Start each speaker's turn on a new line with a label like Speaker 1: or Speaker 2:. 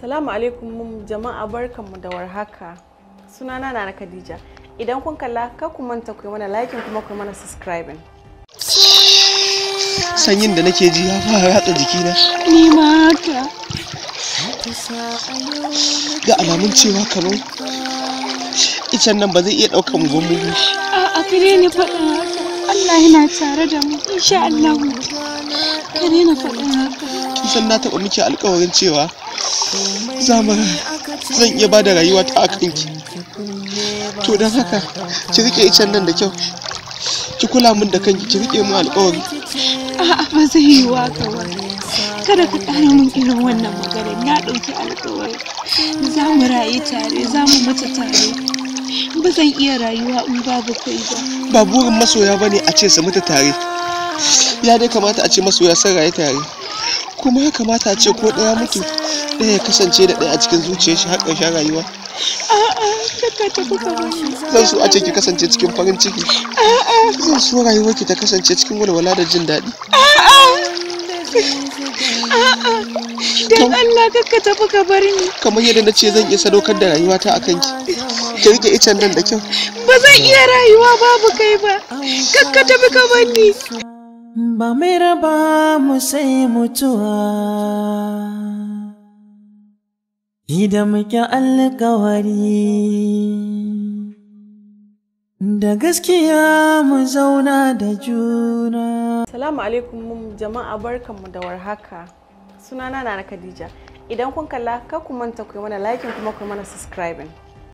Speaker 1: Salamu alaikum jama'a barkanmu da warhaka. Sunana na na Khadija. Idan kun kalla ka ku manta ku mana liking kuma ku mana subscribing.
Speaker 2: Sanyin da nake ji ya fara ratsa jikina.
Speaker 1: Ni ma haka.
Speaker 2: Ga alamun cewa kamar icen nan ba zai iya ɗaukan gwamnati.
Speaker 1: A'a kare ni faɗa Allah yana tare da mu insha Allah ka daina faɗa. haka
Speaker 2: san na taɓa miki alƙawarin cewa zama zan iya ba da rayuwa ta akan ki to don haka ki rike can nan da kyau ki kula min da kanki ki rike min alƙawari
Speaker 1: a'a ba zai yi wa ka kada ka ƙara min irin wannan magana na ɗauki
Speaker 2: alƙawari
Speaker 1: za mu rayu tare za mu mutu tare ba zan iya
Speaker 2: rayuwa in babu kai ba ba burin masoya ba ne a ce su mutu tare ya dai kamata a ce masoya sun rayu tare kuma ya kamata a ce ko ɗaya mutu ɗaya ya kasance da ɗaya a cikin zuciyar shi har ƙarshen rayuwa zan so a ce ki kasance cikin farin ciki zan so rayuwarki ta kasance cikin walwala da jin daɗi
Speaker 1: dan Allah kakka tafi ka
Speaker 2: bar ni kamar yadda na ce zan iya sadaukar da rayuwata akan ki ki rike icen nan da kyau
Speaker 1: ba zan iya rayuwa
Speaker 2: babu kai ba kakka tafi ka bar ni ba
Speaker 1: mai raba mu sai mutuwa idan muke alkawari da gaskiya mu zauna da juna salamu alaikum jama'a barkanmu da warhaka sunana na Khadija idan kun kalla kar ku manta ku yi mana likin kuma ku yi mana subscribing